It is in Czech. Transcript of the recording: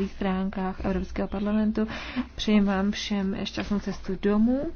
webových stránkách Evropského parlamentu. Přeji vám všem šťastnou cestu domů.